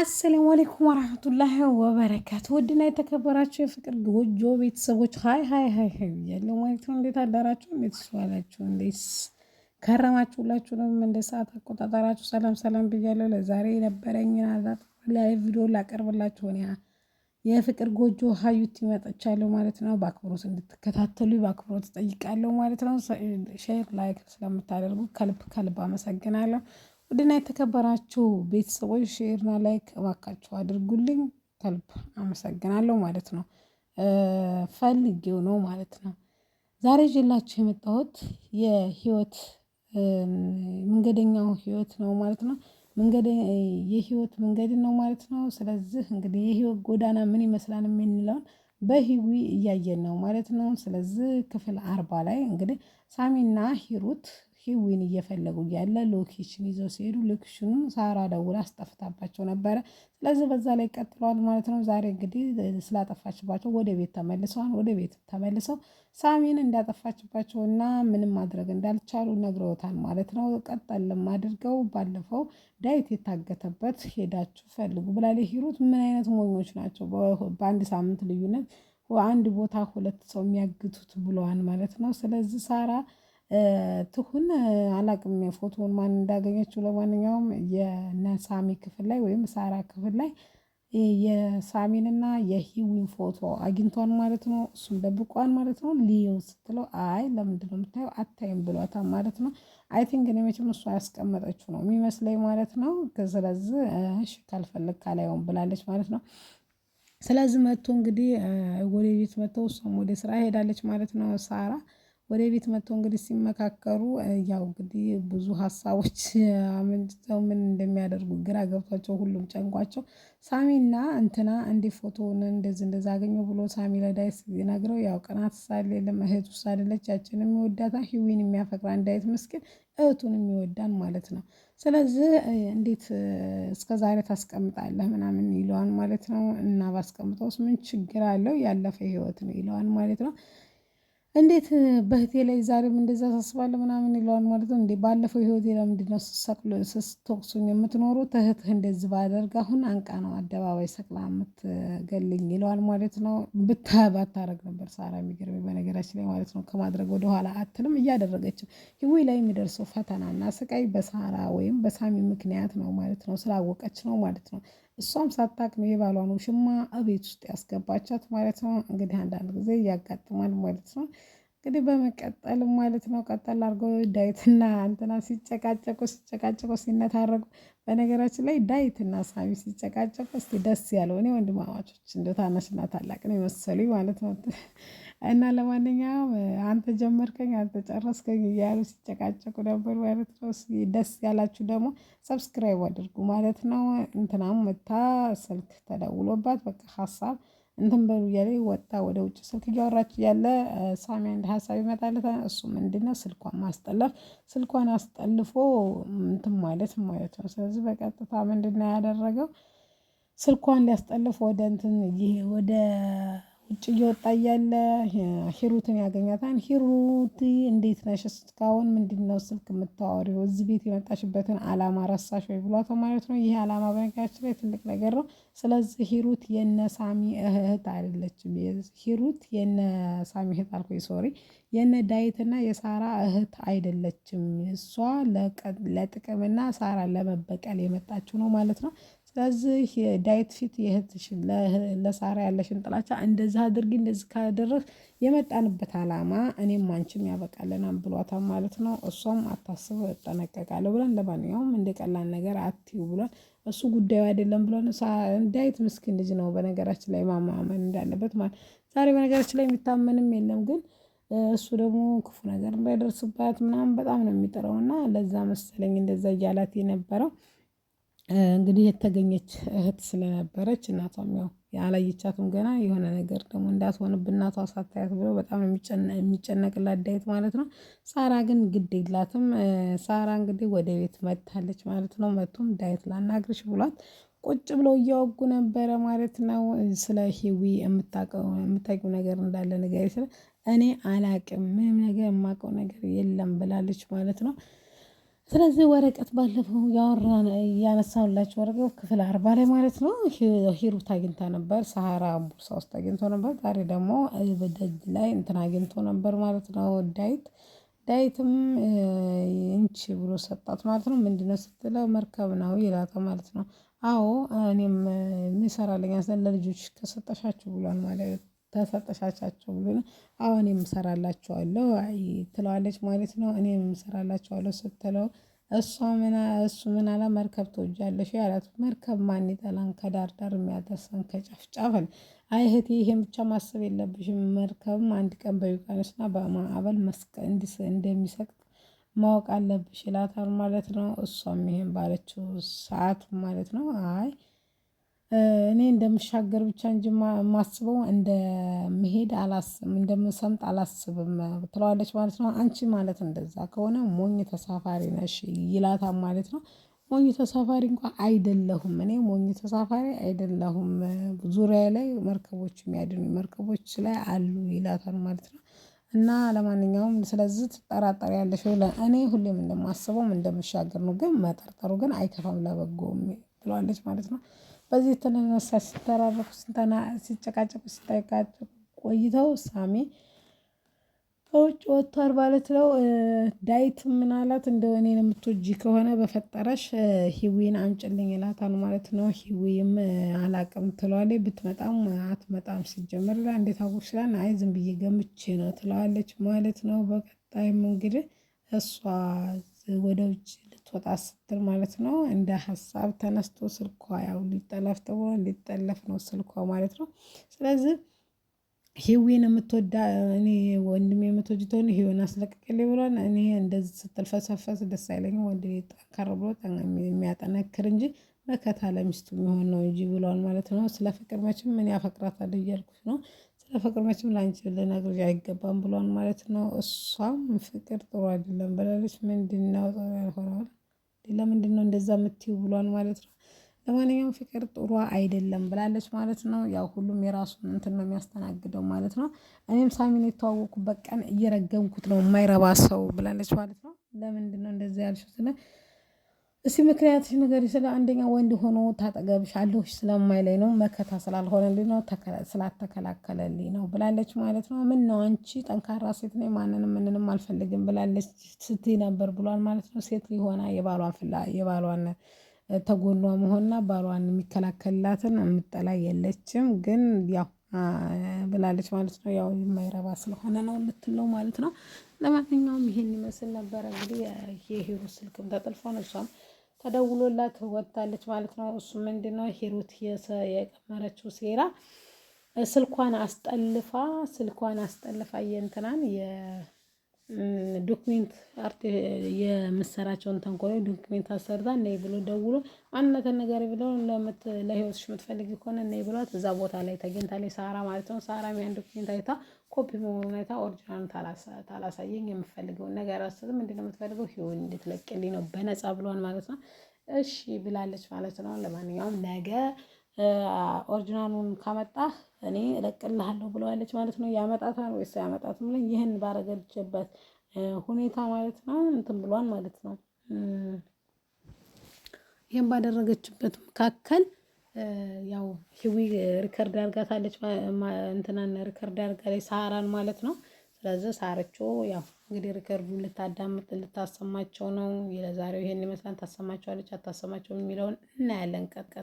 አሰላሙ አለይኩም ወራህመቱላሂ ወበረካቱ። ውድና የተከበራችሁ የፍቅር ጎጆ ቤተሰቦች ሀይ ሀይ ሀይ ሀይ ብያለሁ ማለት ነው። እንዴት አዳራችሁ? እንዴት ስዋላችሁ? እንዴት ከረማችሁላችሁ? ነው እንደ ሰዓት አቆጣጠራችሁ ሰላም ሰላም ብያለሁ። ለዛሬ የነበረኝ ላይ ቪዲዮ ላቀርብላችሁ ሆነ የፍቅር ጎጆ ሀዩት ይመጣቻለሁ ማለት ነው። በአክብሮት እንድትከታተሉ በአክብሮት ጠይቃለሁ ማለት ነው። ሼር ላይክ ስለምታደርጉ ከልብ ከልብ አመሰግናለሁ። ውድና የተከበራችሁ ቤተሰቦች ሼርና ላይክ እባካችሁ አድርጉልኝ። ከልብ አመሰግናለሁ ማለት ነው። ፈልጌው ነው ማለት ነው። ዛሬ ጅላችሁ የመጣሁት የህይወት መንገደኛው ህይወት ነው ማለት ነው። የህይወት መንገድን ነው ማለት ነው። ስለዚህ እንግዲህ የህይወት ጎዳና ምን ይመስላል የምንለውን በህዊ እያየን ነው ማለት ነው። ስለዚህ ክፍል አርባ ላይ እንግዲህ ሳሚና ሂሩት ሂዊን እየፈለጉ እያለ ሎኬሽን ይዘው ሲሄዱ ሎኬሽኑን ሳራ ደውላ አስጠፍታባቸው ነበረ። ስለዚህ በዛ ላይ ቀጥለዋል ማለት ነው። ዛሬ እንግዲህ ስላጠፋችባቸው ወደ ቤት ተመልሰዋል። ወደ ቤት ተመልሰው ሳሚን እንዳጠፋችባቸው እና ምንም ማድረግ እንዳልቻሉ ነግረውታል ማለት ነው። ቀጠልም አድርገው ባለፈው ዳይት የታገተበት ሄዳችሁ ፈልጉ ብላለች ሂሩት። ምን አይነት ሞኞች ናቸው በአንድ ሳምንት ልዩነት አንድ ቦታ ሁለት ሰው የሚያግቱት ብለዋል ማለት ነው። ስለዚህ ሳራ ትሁን አላቅም ፎቶውን ማን እንዳገኘችው። ለማንኛውም የነሳሚ ክፍል ላይ ወይም ሳራ ክፍል ላይ የሳሚንና የሂዊን ፎቶ አግኝቷን ማለት ነው። እሱን ደብቋን ማለት ነው። ሊየው ስትለው አይ ለምንድን ነው የምታየው አታይም ብሏታል ማለት ነው። አይ ቲንክ እኔ መቼም እሷ ያስቀመጠችው ነው የሚመስለኝ ማለት ነው። ስለዚህ እሺ ካልፈለግ ካላየውም ብላለች ማለት ነው። ስለዚህ መጥቶ እንግዲህ ወደ ቤት መጥተው እሷም ወደ ስራ ሄዳለች ማለት ነው ሳራ ወደ ቤት መጥቶ እንግዲህ ሲመካከሩ ያው እንግዲህ ብዙ ሀሳቦች አመንጭተው ምን እንደሚያደርጉ ግራ ገብቷቸው ሁሉም ጨንቋቸው ሳሚና እንትና እንዴ ፎቶውን እንደዚህ እንደዛ አገኘ ብሎ ሳሚ ለዳይስ ነግረው ያው ቅናት ሳል እህቱ ሳልለች ያችን የሚወዳታ ህዊን የሚያፈቅራ እንዳይት ምስኪን እህቱን የሚወዳን ማለት ነው። ስለዚህ እንዴት እስከ ዛሬ ታስቀምጣለህ ምናምን ይለዋን ማለት ነው። እና ባስቀምጠውስ ምን ችግር አለው? ያለፈ ህይወት ነው ይለዋን ማለት ነው። እንዴት በህቴ ላይ ዛሬም እንደዛ ሳስባለ ምናምን ይለዋል ማለት ነው። እንዴ ባለፈው ህይወቴ ለምንድነው ስትወቅሱኝ የምትኖሩ እህትህ እንደዚህ ባደርግ አሁን አንቃ ነው አደባባይ ሰቅላ የምትገልኝ ይለዋል ማለት ነው። ብታ ባታረግ ነበር ሳራ የሚገርም በነገራችን ላይ ማለት ነው። ከማድረግ ወደኋላ አትልም። እያደረገችው ህይወት ላይ የሚደርሰው ፈተናና ስቃይ በሳራ ወይም በሳሚ ምክንያት ነው ማለት ነው። ስላወቀች ነው ማለት ነው። እሷም ሳታቅ ነው የባሏን ውሽማ እቤት ውስጥ ያስገባቻት ማለት ነው። እንግዲህ አንዳንድ ጊዜ እያጋጥማል ማለት ነው። እንግዲህ በመቀጠልም ማለት ነው ቀጠል አድርገው ዳዊትና እንትና ሲጨቃጨቁ ሲጨቃጨቁ ሲነታረጉ፣ በነገራችን ላይ ዳዊትና ሳሚ ሲጨቃጨቁ እስቲ ደስ ያለው እኔ ወንድማማቾች እንደ ታናሽና ታላቅ ነው የመሰሉኝ ማለት ነው። እና ለማንኛውም አንተ ጀመርከኝ አንተ ጨረስከኝ እያሉ ሲጨቃጨቁ ነበር ማለት ነው። ደስ ያላችሁ ደግሞ ሰብስክራይብ አድርጉ ማለት ነው። እንትናም መታ ስልክ ተደውሎባት በቃ ሀሳብ እንትን በሉ እያለ ወጣ ወደ ውጭ። ስልክ እያወራች እያለ ሳሚ አንድ ሀሳብ ይመጣለታል። እሱ ምንድነው ስልኳን ማስጠለፍ፣ ስልኳን አስጠልፎ እንትን ማለት ማለት ነው። ስለዚህ በቀጥታ ምንድነው ያደረገው ስልኳን ሊያስጠልፍ ወደ እንትን ወደ ውጭ እየወጣ እያለ ሂሩትን ያገኛታል። ሂሩት እንዴት ነሽ? እስካሁን ምንድን ነው ስልክ የምታወሪው? እዚህ ቤት የመጣሽበትን አላማ ረሳሽ ወይ ብሏታል ማለት ነው። ይህ አላማ በነገራችን ላይ ትልቅ ነገር ነው። ስለዚህ ሂሩት ሳሚ እህት አይደለችም። ሂሩት ሳሚ እህት አልኩኝ፣ ሶሪ፣ የነ ዳይትና የሳራ እህት አይደለችም። እሷ ለጥቅምና ሳራ ለመበቀል የመጣችው ነው ማለት ነው። ስለዚህ ዳይት ፊት የእህትሽን ለሳራ ያለሽን ጥላቻ እንደዚህ አድርጊ እንደዚህ ካደረግ የመጣንበት አላማ እኔም አንቺም ያበቃልናል ብሏታል ማለት ነው። እሷም አታስብ እጠነቀቃለሁ ብለን ለማንኛውም እንደ ቀላል ነገር አትዩ ብሏል። እሱ ጉዳዩ አይደለም ብለን ዳይት ምስኪን ልጅ ነው በነገራችን ላይ ማማመን እንዳለበት ማለት ዛሬ በነገራችን ላይ የሚታመንም የለም ግን እሱ ደግሞ ክፉ ነገር እንዳይደርስባት ምናምን በጣም ነው የሚጥረው እና ለዛ መሰለኝ እንደዛ እያላት የነበረው እንግዲህ የተገኘች እህት ስለነበረች እናቷም ያው አላየቻትም ገና የሆነ ነገር ደግሞ እንዳትሆንብ እናቷ ሳታያት ብሎ በጣም የሚጨነቅላት ዳዊት ማለት ነው። ሳራ ግን ግድ የላትም። ሳራ እንግዲህ ወደ ቤት መታለች ማለት ነው። መቱም ዳዊት ላናግርሽ ብሏት ቁጭ ብለው እያወጉ ነበረ ማለት ነው። ስለ ሂዊ የምታውቂው ነገር እንዳለ ነገር ስለ እኔ አላቅም ምንም ነገር የማውቀው ነገር የለም ብላለች ማለት ነው። ስለዚህ ወረቀት ባለፈው ያወራን ያነሳሁላችሁ ወረቀት ክፍል አርባ ላይ ማለት ነው ሂሩት አግኝታ ነበር። ሰሃራ ቡርሳ ውስጥ አግኝቶ ነበር። ዛሬ ደግሞ በደጅ ላይ እንትን አግኝቶ ነበር ማለት ነው። ዳይት ዳይትም እንቺ ብሎ ሰጣት ማለት ነው። ምንድነው ስትለው መርከብ ነው ይላታ ማለት ነው። አዎ እኔም ሚሰራለኛ ለልጆች ከሰጠሻችሁ ብሏል ማለት ተሰጠሻቻቸው ብሎ አሁን እኔም እሰራላችኋለሁ ትለዋለች ማለት ነው። እኔም እሰራላችኋለሁ ስትለው እሷ ምና እሱ ምን አላ መርከብ ትወጃለሽ ያላት መርከብ ማን ይጠላን ከዳርዳር የሚያደርሰን ከጫፍ ጫፍ አለ። አይ እህቴ ይሄን ብቻ ማሰብ የለብሽም መርከብም አንድ ቀን በዩቃኖስና በማዕበል መስቀ እንደሚሰቅጥ ማወቅ አለብሽ ይላታል ማለት ነው። እሷም ይሄን ባለችው ሰዓት ማለት ነው አይ እኔ እንደምሻገር ብቻ እንጂ የማስበው እንደምሄድ አላስብም እንደምሰምጥ አላስብም ትለዋለች ማለት ነው። አንቺ ማለት እንደዛ ከሆነ ሞኝ ተሳፋሪ ነሽ ይላታል ማለት ነው። ሞኝ ተሳፋሪ እንኳ አይደለሁም እኔ ሞኝ ተሳፋሪ አይደለሁም ዙሪያ ላይ መርከቦች የሚያድኑኝ መርከቦች ላይ አሉ ይላታል ማለት ነው። እና ለማንኛውም ስለዚህ ትጠራጠሪያለሽ ወይ? እኔ ሁሌም እንደማስበውም እንደምሻገር ነው ግን መጠርጠሩ ግን አይከፋም ለበጎም ትለዋለች ማለት ነው በዚህ የተነሳ ሲተራረፉ ስንተና ሲጨቃጨቁ ሲጠቃጨቁ ቆይተው ሳሚ ከውጭ ወጥቷል ማለት ነው። ዳይት ምናላት እንደ እንደሆነ የምትወጂ ከሆነ በፈጠረሽ ሂዊን አምጭልኝ ይላታል ማለት ነው። ሂዊም አላቅም ትለዋለች። ብትመጣም አትመጣም ሲጀምር እንዴት አወቅሽ ይላል። አይ ዝም ብዬ ገምቼ ነው ትለዋለች ማለት ነው። በቀጣይም እንግዲህ እሷ ወደ ውጭ ልትወጣ ስትል ማለት ነው እንደ ሀሳብ ተነስቶ ስልኳ ያው ሊጠለፍ ተብሎ ሊጠለፍ ነው ስልኳ ማለት ነው። ስለዚህ ህዌን የምትወዳ እኔ ወንድሜ የምትወጂ ተሆን ህዌን አስለቅቅልኝ ብሏል። እኔ እንደዚህ ስትልፈሰፈስ ደስ አይለኝም። ወንድ ጠንከር ብሎ የሚያጠነክር እንጂ መከታ ለሚስቱ የሚሆን ነው እንጂ ብሏል ማለት ነው። ስለ ፍቅር መቼም ምን ያፈቅራታል እያልኩት ነው። ስለ ፍቅር መቼም ለአንቺ ልነግርሽ አይገባም ብሏን ማለት ነው። እሷም ፍቅር ጥሩ አይደለም ብላለች ምንድን ነው ጥሩ ያልሆነዋል? ለምንድን ነው እንደዛ የምትይው ብሏን ማለት ነው። ለማንኛውም ፍቅር ጥሩ አይደለም ብላለች ማለት ነው። ያው ሁሉም የራሱን እንትን ነው የሚያስተናግደው ማለት ነው። እኔም ሳሚን የተዋወቁበት ቀን እየረገምኩት ነው የማይረባ ሰው ብላለች ማለት ነው። ለምንድን ነው እንደዛ ያልሽው ስለ እስቲ ምክንያትሽ ነገር ስለ አንደኛ ወንድ ሆኖ ታጠገብሽ አለሁሽ ስለማይለኝ ነው መከታ ስላልሆነልኝ ነው ስላተከላከለልኝ ነው ብላለች ማለት ነው። ምን ነው አንቺ ጠንካራ ሴት ነኝ ማንንም ምንንም አልፈልግም ብላለች ስትይ ነበር ብሏል ማለት ነው። ሴት ሊሆና የባሏን ፍላ የባሏን ተጎኗ መሆንና ባሏን የሚከላከልላትን የምጠላ የለችም ግን ያው ብላለች ማለት ነው። ያው የማይረባ ስለሆነ ነው የምትለው ማለት ነው። ለማንኛውም ይሄን ይመስል ነበረ እንግዲህ የሄሩ ስልክም ተጠልፎ ነው እሷም ተደውሎላት ወጥታለች ማለት ነው። እሱ ምንድነው ሂሩት የቀመረችው ሴራ ስልኳን አስጠልፋ ስልኳን አስጠልፋ የእንትናን ዶክሜንት አርት የምሰራቸውን ተንኮሎች ዶክሜንት አሰርታ ነይ ብሎ ደውሎ ማንነትን ነገር ብለው ለህይወትሽ የምትፈልግ ከሆነ ነይ ብሏት እዛ ቦታ ላይ ተገኝታለች። ሳራ ማለት ነው። ሳራ ያን ዶክሜንት አይታ ኮፒ መሆኑን አይታ ኦሪጂናሉ ታላሳየኝ የምፈልገውን ነገር አስብ ምንድነው የምትፈልገው ህይወት እንድትለቅልኝ ነው በነፃ ብሏን ማለት ነው። እሺ ብላለች ማለት ነው። ለማንኛውም ነገ ኦሪጂናሉን ካመጣህ እኔ እለቅልሃለሁ ብለዋለች ማለት ነው። ያመጣታል ወይስ ያመጣትም ላይ ይህን ባረገችበት ሁኔታ ማለት ነው እንትን ብሏል ማለት ነው። ይህን ባደረገችበት መካከል ያው ህዊ ሪከርድ አድርጋታለች እንትናን ሪከርድ ላይ ሳራን ማለት ነው። ስለዚህ ሳርቾ ያው እንግዲህ ሪከርዱን ልታዳምጥ ልታሰማቸው ነው። ለዛሬው ይሄን ይመስላል። ታሰማቸዋለች አታሰማቸው የሚለውን እናያለን ቀጥቀ